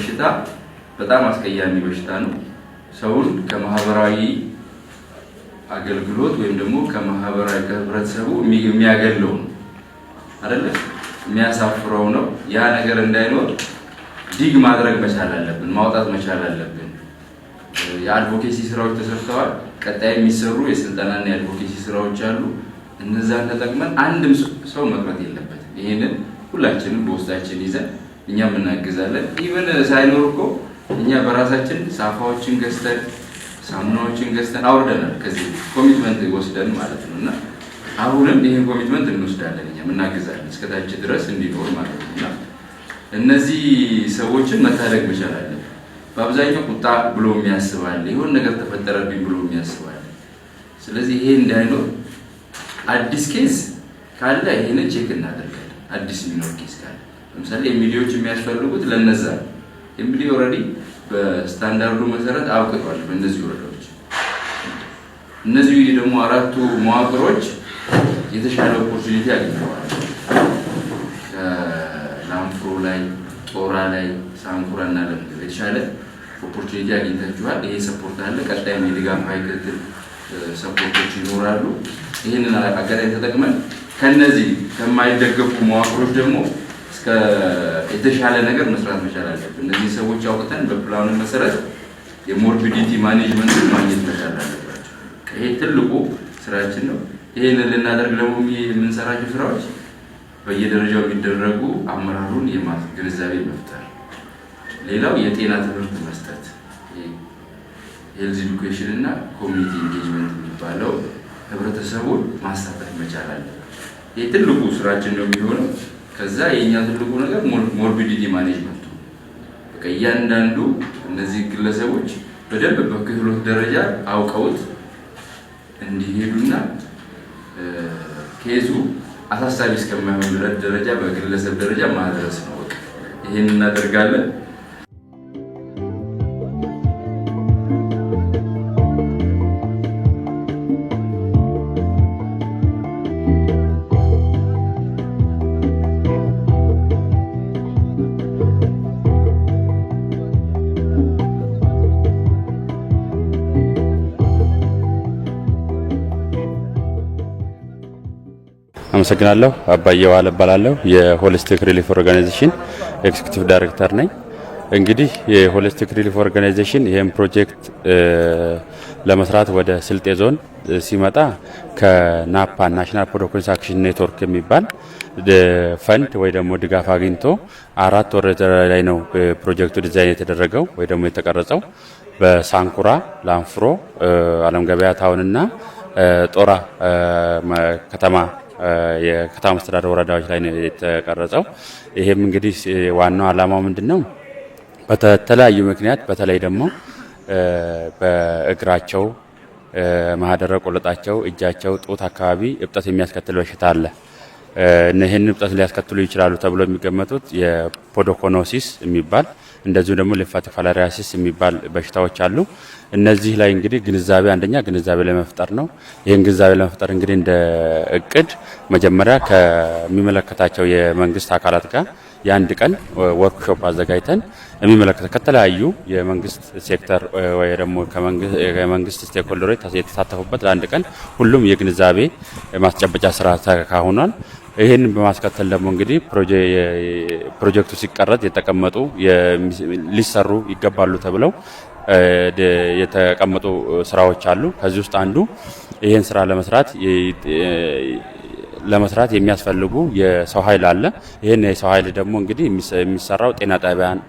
በሽታ በጣም አስቀያሚ በሽታ ነው። ሰውን ከማህበራዊ አገልግሎት ወይም ደግሞ ከማህበራዊ ከህብረተሰቡ የሚያገለው ነው አይደለ? የሚያሳፍረው ነው። ያ ነገር እንዳይኖር ዲግ ማድረግ መቻል አለብን፣ ማውጣት መቻል አለብን። የአድቮኬሲ ስራዎች ተሰርተዋል። ቀጣይ የሚሰሩ የስልጠናና የአድቮኬሲ ስራዎች አሉ። እነዛን ተጠቅመን አንድም ሰው መቅረት የለበትም። ይህንን ሁላችንም በውስጣችን ይዘን እኛም እናግዛለን። ኢቨን ሳይኖር እኮ እኛ በራሳችን ሳፋዎችን ገዝተን ሳሙናዎችን ገዝተን አውርደናል። ከዚህ ኮሚትመንት ወስደን ማለት ነው እና አሁንም ይህን ኮሚትመንት እንወስዳለን እኛም እናግዛለን እስከታች ድረስ እንዲኖር ማለት ነው እና እነዚህ ሰዎችን መታደግ መቻል በአብዛኛው ቁጣ ብሎ የሚያስባል ይሆን ነገር ተፈጠረብኝ ብሎ የሚያስባል። ስለዚህ ይሄ እንዳይኖር አዲስ ኬዝ ካለ ይህንን ቼክ እናደርጋለን። አዲስ የሚኖር ኬዝ ካለ ለምሳሌ ኤምዲዎች የሚያስፈልጉት ለነዛ ኤምቢዲ ኦልሬዲ በስታንዳርዱ መሰረት አብቅቷል። በእነዚህ ወረዳዎች እነዚህ ደግሞ አራቱ መዋቅሮች የተሻለ ኦፖርቹኒቲ አግኝተዋል። ከላምፍሮ ላይ፣ ጦራ ላይ፣ ሳንኩራ እና ለምግብ የተሻለ ኦፖርቹኒቲ አግኝታችኋል። ይሄ ሰፖርት አለ። ቀጣይም የድጋፍ ሀይክትል ሰፖርቶች ይኖራሉ። ይህንን አጋጣሚ ተጠቅመን ከነዚህ ከማይደገፉ መዋቅሮች ደግሞ የተሻለ ነገር መስራት መቻል አለብን። እነዚህ ሰዎች አውጥተን በፕላኑ መሰረት የሞርቢዲቲ ማኔጅመንት ማግኘት መቻል አለባቸው። ይሄ ትልቁ ስራችን ነው። ይህንን ልናደርግ ደግሞ የምንሰራቸው ስራዎች በየደረጃው የሚደረጉ አመራሩን ግንዛቤ መፍጠር፣ ሌላው የጤና ትምህርት መስጠት፣ ሄልዝ ኤዱኬሽን እና ኮሚኒቲ ኢንጌጅመንት የሚባለው ህብረተሰቡን ማሳተፍ መቻል አለ። ይህ ትልቁ ስራችን ነው የሚሆነው። ከዛ የእኛ ትልቁ ነገር ሞርቢዲቲ ማኔጅመንት ነው። በቃ እያንዳንዱ እነዚህ ግለሰቦች በደንብ በክህሎት ደረጃ አውቀውት እንዲሄዱና ኬዙ አሳሳቢ እስከማይሆን ደረጃ በግለሰብ ደረጃ ማድረስ ነው። በቃ ይህን እናደርጋለን። አመሰግናለሁ። አባየው ዋለ እባላለሁ። የሆሊስቲክ ሪሊፍ ኦርጋናይዜሽን ኤክዚኪቲቭ ዳይሬክተር ነኝ። እንግዲህ የሆሊስቲክ ሪሊፍ ኦርጋናይዜሽን ይህም ፕሮጀክት ለመስራት ወደ ስልጤ ዞን ሲመጣ ከናፓ ናሽናል ፕሮዶክሽን አክሽን ኔትወርክ የሚባል ፈንድ ወይ ደግሞ ድጋፍ አግኝቶ አራት ወር ላይ ነው ፕሮጀክቱ ዲዛይን የተደረገው ወይ ደግሞ የተቀረጸው በሳንኩራ ላንፍሮ፣ አለም ገበያ ታውንና ጦራ ከተማ የከተማ መስተዳደር ወረዳዎች ላይ ነው የተቀረጸው። ይሄም እንግዲህ ዋናው ዓላማው ምንድን ነው? በተለያዩ ምክንያት በተለይ ደግሞ በእግራቸው ማህደረ ቆለጣቸው፣ እጃቸው፣ ጡት አካባቢ እብጠት የሚያስከትል በሽታ አለ። ይህን እብጠት ሊያስከትሉ ይችላሉ ተብሎ የሚገመቱት የፖዶኮኖሲስ የሚባል እንደዚሁ ደግሞ ሌፋቲ ፋላሪያሲስ የሚባል በሽታዎች አሉ። እነዚህ ላይ እንግዲህ ግንዛቤ አንደኛ ግንዛቤ ለመፍጠር ነው። ይህን ግንዛቤ ለመፍጠር እንግዲህ እንደ እቅድ መጀመሪያ ከሚመለከታቸው የመንግስት አካላት ጋር የአንድ ቀን ወርክሾፕ አዘጋጅተን የሚመለከተ ከተለያዩ የመንግስት ሴክተር ወይ ደግሞ ከመንግስት ስቴክሆልደሮች የተሳተፉበት ለአንድ ቀን ሁሉም የግንዛቤ ማስጨበጫ ስራ ተካሁኗል። ይህንን በማስከተል ደግሞ እንግዲህ ፕሮጀክቱ ሲቀረጥ የተቀመጡ ሊሰሩ ይገባሉ ተብለው የተቀመጡ ስራዎች አሉ። ከዚህ ውስጥ አንዱ ይህን ስራ ለመስራት ለመስራት የሚያስፈልጉ የሰው ኃይል አለ። ይህን የሰው ኃይል ደግሞ እንግዲህ የሚሰራው ጤና ጣቢያን፣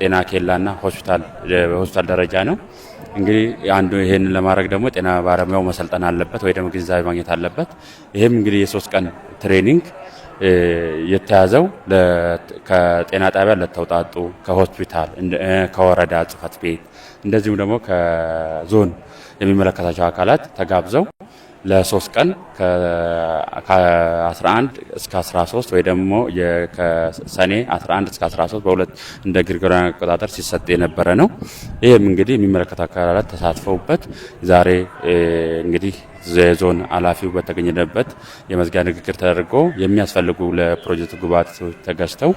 ጤና ኬላና ሆስፒታል ደረጃ ነው። እንግዲህ አንዱ ይህንን ለማድረግ ደግሞ ጤና ባለሙያው መሰልጠን አለበት ወይ ደግሞ ግንዛቤ ማግኘት አለበት። ይህም እንግዲህ የሶስት ቀን ትሬኒንግ የተያዘው ከጤና ጣቢያ ለተውጣጡ ከሆስፒታል፣ ከወረዳ ጽፈት ቤት እንደዚሁም ደግሞ ከዞን የሚመለከታቸው አካላት ተጋብዘው ለሶስት ቀን ከ11 እስከ 13 ወይ ደግሞ ሰኔ 11 እስከ 13 በሁለት እንደ ግሪጎሪያን አቆጣጠር ሲሰጥ የነበረ ነው። ይህም እንግዲህ የሚመለከት አካላት ተሳትፈውበት ዛሬ እንግዲህ የዞን ኃላፊው በተገኘበት የመዝጊያ ንግግር ተደርጎ የሚያስፈልጉ ለፕሮጀክቱ ግብዓቶች ተገዝተው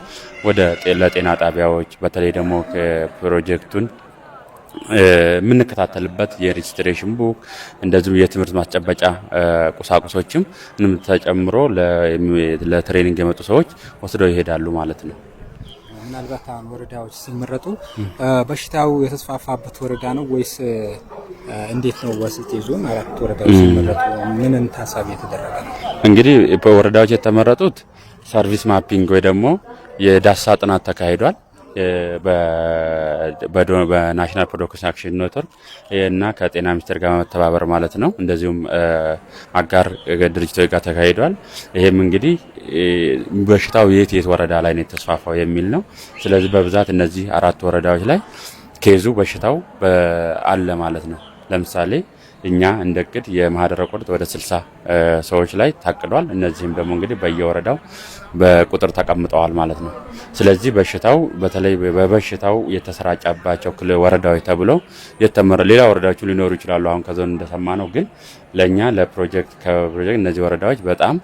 ወደ ለጤና ጣቢያዎች በተለይ ደግሞ ፕሮጀክቱን የምንከታተልበት የሬጅስትሬሽን ቡክ እንደዚሁ የትምህርት ማስጨበጫ ቁሳቁሶችም ተጨምሮ ለትሬኒንግ የመጡ ሰዎች ወስደው ይሄዳሉ ማለት ነው። ምናልባት አሁን ወረዳዎች ሲመረጡ በሽታው የተስፋፋበት ወረዳ ነው ወይስ እንዴት ነው? ወስት ይዞ አራት ወረዳዎች ሲመረጡ ምንን ታሳቢ የተደረገ ነው? እንግዲህ በወረዳዎች የተመረጡት ሰርቪስ ማፒንግ ወይ ደግሞ የዳሳ ጥናት ተካሂዷል። በናሽናል ፕሮዳክሽን ኔትወርክ እና ከጤና ሚኒስቴር ጋር መተባበር ማለት ነው። እንደዚሁም አጋር ድርጅቶች ጋር ተካሂዷል። ይሄም እንግዲህ በሽታው የት የት ወረዳ ላይ ነው የተስፋፋው የሚል ነው። ስለዚህ በብዛት እነዚህ አራት ወረዳዎች ላይ ኬዙ በሽታው አለ ማለት ነው። ለምሳሌ እኛ እንደ እቅድ የማህደረ ቁርጥ ወደ 60 ሰዎች ላይ ታቅዷል። እነዚህም ደግሞ እንግዲህ በየወረዳው በቁጥር ተቀምጠዋል ማለት ነው። ስለዚህ በሽታው በተለይ በበሽታው የተሰራጨባቸው ክልል ወረዳዎች ተብለው የተመረ ሌላ ወረዳዎች ሊኖሩ ይችላሉ። አሁን ከዞን እንደሰማ ነው። ግን ለእኛ ለፕሮጀክት ከፕሮጀክት እነዚህ ወረዳዎች በጣም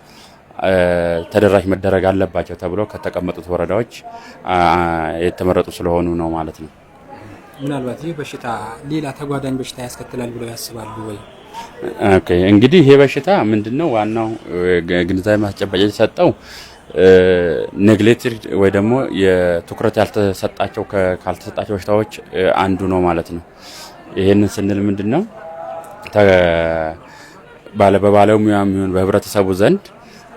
ተደራሽ መደረግ አለባቸው ተብሎ ከተቀመጡት ወረዳዎች የተመረጡ ስለሆኑ ነው ማለት ነው። ምናልባት ይህ በሽታ ሌላ ተጓዳኝ በሽታ ያስከትላል ብለው ያስባሉ ወይ? እንግዲህ ይሄ በሽታ ምንድነው? ዋናው ግንዛቤ ማስጨበጫ የተሰጠው ኔግሌክትድ ወይ ደግሞ የትኩረት ያልተሰጣቸው ካልተሰጣቸው በሽታዎች አንዱ ነው ማለት ነው። ይሄንን ስንል ምንድነው ባለ በባለሙያ የሚሆን በህብረተሰቡ ዘንድ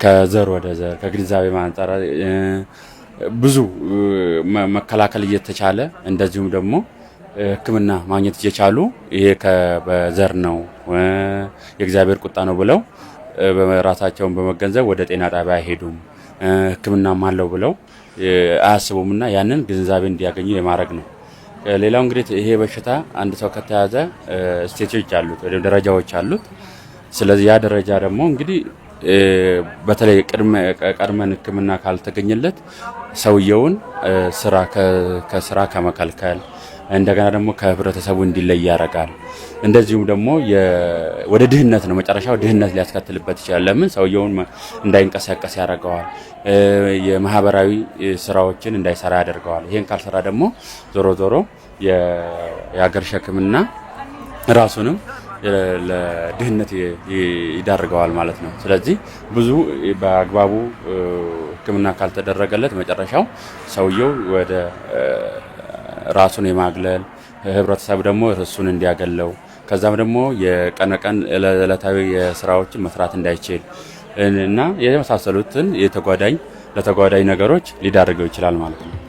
ከዘር ወደ ዘር ከግንዛቤ ማንጠራ ብዙ መከላከል እየተቻለ እንደዚሁም ደግሞ ሕክምና ማግኘት እየቻሉ ይሄ በዘር ነው የእግዚአብሔር ቁጣ ነው ብለው በራሳቸውን በመገንዘብ ወደ ጤና ጣቢያ አይሄዱም፣ ሕክምናም አለው ብለው አያስቡምና ያንን ግንዛቤ እንዲያገኙ የማድረግ ነው። ሌላው እንግዲህ ይሄ በሽታ አንድ ሰው ከተያዘ ስቴጆች አሉት ወይም ደረጃዎች አሉት። ስለዚህ ያ ደረጃ ደግሞ እንግዲህ በተለይ ቀድመን ህክምና ካልተገኘለት ሰውየውን ስራ ከስራ ከመከልከል እንደገና ደግሞ ከህብረተሰቡ እንዲለይ ያደርጋል። እንደዚሁም ደግሞ ወደ ድህነት ነው መጨረሻው ድህነት ሊያስከትልበት ይችላል። ለምን ሰውየውን እንዳይንቀሳቀስ ያደርገዋል። የማህበራዊ ስራዎችን እንዳይሰራ ያደርገዋል። ይህን ካልሰራ ደግሞ ዞሮ ዞሮ የአገር ሸክምና ራሱንም ለድህነት ይዳርገዋል ማለት ነው። ስለዚህ ብዙ በአግባቡ ሕክምና ካልተደረገለት መጨረሻው ሰውየው ወደ ራሱን የማግለል ህብረተሰብ ደግሞ እሱን እንዲያገለው ከዛም ደግሞ የቀን ቀን ዕለታዊ የስራዎችን መስራት እንዳይችል እና የመሳሰሉትን የተጓዳኝ ለተጓዳኝ ነገሮች ሊዳርገው ይችላል ማለት ነው።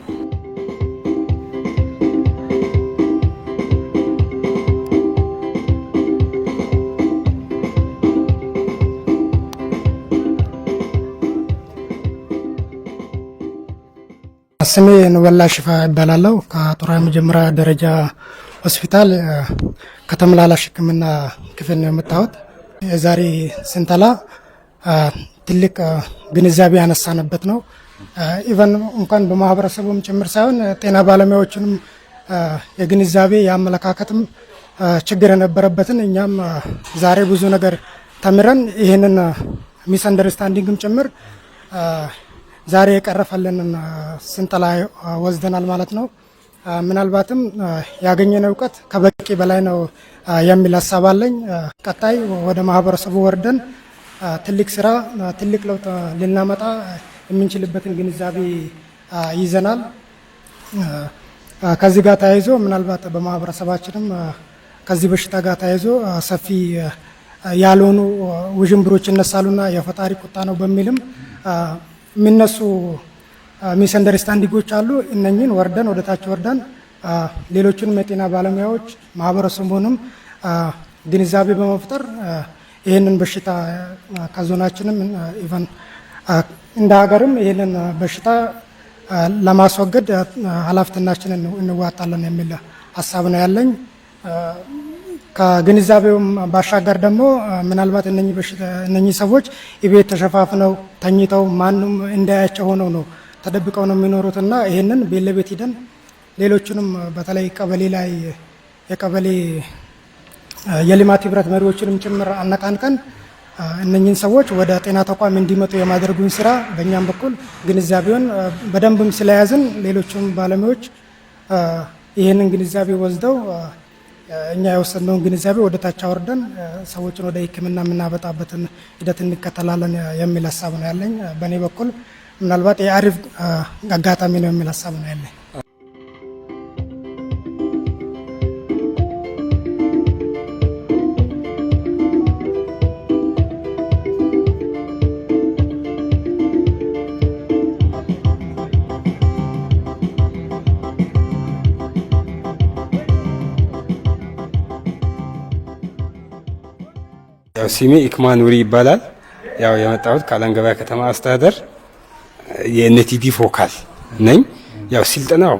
ስሜ ንበላ ሽፋ ይባላለሁ። ከጦር የመጀመሪያ ደረጃ ሆስፒታል ከተመላላሽ ሕክምና ክፍል ነው የመጣሁት። የዛሬ ስንተላ ትልቅ ግንዛቤ ያነሳንበት ነው። ኢቨን እንኳን በማህበረሰቡም ጭምር ሳይሆን ጤና ባለሙያዎችንም የግንዛቤ የአመለካከትም ችግር የነበረበትን እኛም ዛሬ ብዙ ነገር ተምረን ይህንን ሚስ አንደርስታንዲንግም ጭምር ዛሬ የቀረፈልንን ስንጠላ ወስደናል ማለት ነው። ምናልባትም ያገኘን እውቀት ከበቂ በላይ ነው የሚል ሀሳብ አለኝ። ቀጣይ ወደ ማህበረሰቡ ወርደን ትልቅ ስራ፣ ትልቅ ለውጥ ልናመጣ የምንችልበትን ግንዛቤ ይዘናል። ከዚህ ጋር ተያይዞ ምናልባት በማህበረሰባችንም ከዚህ በሽታ ጋር ተያይዞ ሰፊ ያልሆኑ ውዥንብሮች ይነሳሉና የፈጣሪ ቁጣ ነው በሚልም የሚነሱ ሚስ አንደርስታንዲንጎች አሉ። እነኚህን ወርደን ወደታች ወርደን ሌሎችንም የጤና ባለሙያዎች ማህበረሰቡንም ግንዛቤ በመፍጠር ይህንን በሽታ ከዞናችንም ኢቨን እንደ ሀገርም ይህንን በሽታ ለማስወገድ ኃላፊነታችንን እንዋጣለን የሚል ሀሳብ ነው ያለኝ። ከግንዛቤውም ባሻገር ደግሞ ምናልባት እነኚህ ሰዎች ቤት ተሸፋፍነው ተኝተው ማንም እንዳያቸው ሆነው ነው ተደብቀው ነው የሚኖሩትና ይህንን ቤት ለቤት ሂደን ሌሎቹንም በተለይ ቀበሌ ላይ የቀበሌ የልማት ህብረት መሪዎችንም ጭምር አነቃንቀን እነኝህን ሰዎች ወደ ጤና ተቋም እንዲመጡ የማድረጉን ስራ በእኛም በኩል ግንዛቤውን በደንብም ስለያዝን ሌሎችም ባለሙያዎች ይህንን ግንዛቤ ወስደው እኛ የወሰድነውን ግንዛቤ ወደ ታች አወርደን ሰዎችን ወደ ሕክምና የምናበጣበትን ሂደት እንከተላለን የሚል ሀሳብ ነው ያለኝ። በእኔ በኩል ምናልባት የአሪፍ አጋጣሚ ነው የሚል ሀሳብ ነው ያለኝ። ስሜ ኢክማ ኑሪ ይባላል። ያው የመጣሁት ከአላንገበያ ከተማ አስተዳደር የኔቲቪ ፎካል ነኝ። ያው ስልጠናው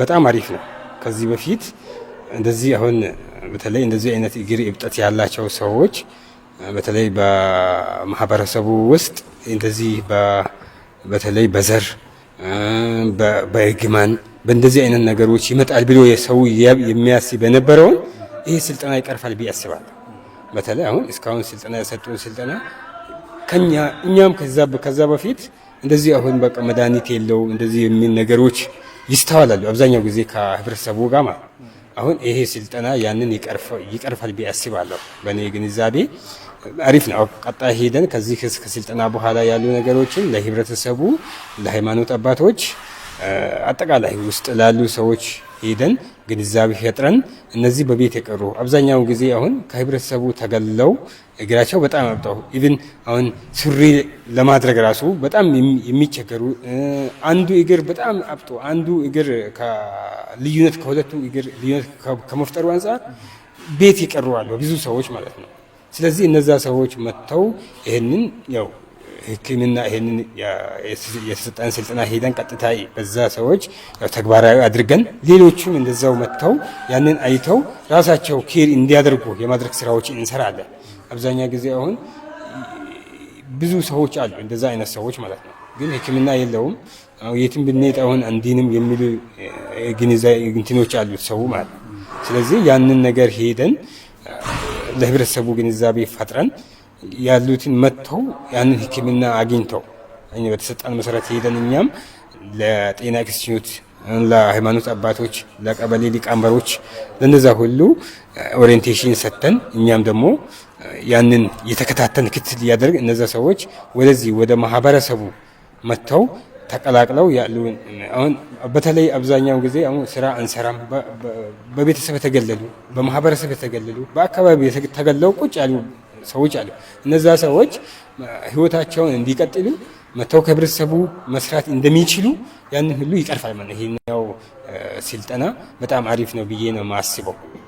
በጣም አሪፍ ነው። ከዚህ በፊት እንደዚህ አሁን በተለይ እንደዚህ አይነት እግር እብጠት ያላቸው ሰዎች በተለይ በማህበረሰቡ ውስጥ እንደዚህ በተለይ በዘር በእርግማን በእንደዚህ አይነት ነገሮች ይመጣል ብሎ የሰው የሚያስብ የነበረውን ይህ ስልጠና ይቀርፋል ብዬ አስባለሁ። በተለይ አሁን እስካሁን ስልጠና የሰጡን ስልጠና ከኛ እኛም ከዛ በፊት እንደዚህ አሁን በቃ መድኃኒት የለው እንደዚህ የሚል ነገሮች ይስተዋላሉ አብዛኛው ጊዜ ከህብረተሰቡ ጋር ማለት አሁን ይሄ ስልጠና ያንን ይቀርፋል ብዬ አስባለሁ። በእኔ ግንዛቤ አሪፍ ነው። ቀጣይ ሄደን ከዚህ ከስልጠና በኋላ ያሉ ነገሮችን ለህብረተሰቡ፣ ለሃይማኖት አባቶች አጠቃላይ ውስጥ ላሉ ሰዎች ሄደን ግንዛቤ ፈጥረን እነዚህ በቤት የቀሩ አብዛኛውን ጊዜ አሁን ከህብረተሰቡ ተገለው እግራቸው በጣም አብጠው ኢቭን አሁን ሱሪ ለማድረግ ራሱ በጣም የሚቸገሩ አንዱ እግር በጣም አብጦ አንዱ እግር ልዩነት ከሁለቱ እግር ልዩነት ከመፍጠሩ አንጻር ቤት ይቀሩ አሉ ብዙ ሰዎች ማለት ነው። ስለዚህ እነዛ ሰዎች መጥተው ይህንን ያው ህክምና ይህንን የተሰጠን ስልጠና ሄደን ቀጥታ በዛ ሰዎች ተግባራዊ አድርገን ሌሎቹም እንደዛው መጥተው ያንን አይተው ራሳቸው ኬር እንዲያደርጉ የማድረግ ስራዎች እንሰራለን። አብዛኛ ጊዜ አሁን ብዙ ሰዎች አሉ እንደዛ አይነት ሰዎች ማለት ነው፣ ግን ህክምና የለውም የትም ብንሄድ አሁን አንዲንም የሚሉ ግንትኖች አሉ ሰው ማለት ነው። ስለዚህ ያንን ነገር ሄደን ለህብረተሰቡ ግንዛቤ ፈጥረን ያሉትን መጥተው ያንን ህክምና አግኝተው በተሰጠን መሰረት ሄደን እኛም ለጤና ኢንስቲትዩት፣ ለሃይማኖት አባቶች፣ ለቀበሌ ሊቀመንበሮች ለነዛ ሁሉ ኦሪየንቴሽን ሰጥተን እኛም ደግሞ ያንን የተከታተን ክትትል እያደረግ እነዛ ሰዎች ወደዚህ ወደ ማህበረሰቡ መጥተው ተቀላቅለው ያሉ አሁን በተለይ አብዛኛው ጊዜ አሁን ስራ አንሰራም፣ በቤተሰብ የተገለሉ፣ በማህበረሰብ የተገለሉ፣ በአካባቢ ተገለው ቁጭ ያሉ ሰዎች አሉ። እነዛ ሰዎች ህይወታቸውን እንዲቀጥሉ መተው ከህብረተሰቡ መስራት እንደሚችሉ ያንን ሁሉ ይቀርፋል ማለት ይሄኛው ስልጠና በጣም አሪፍ ነው ብዬ ነው የማስበው።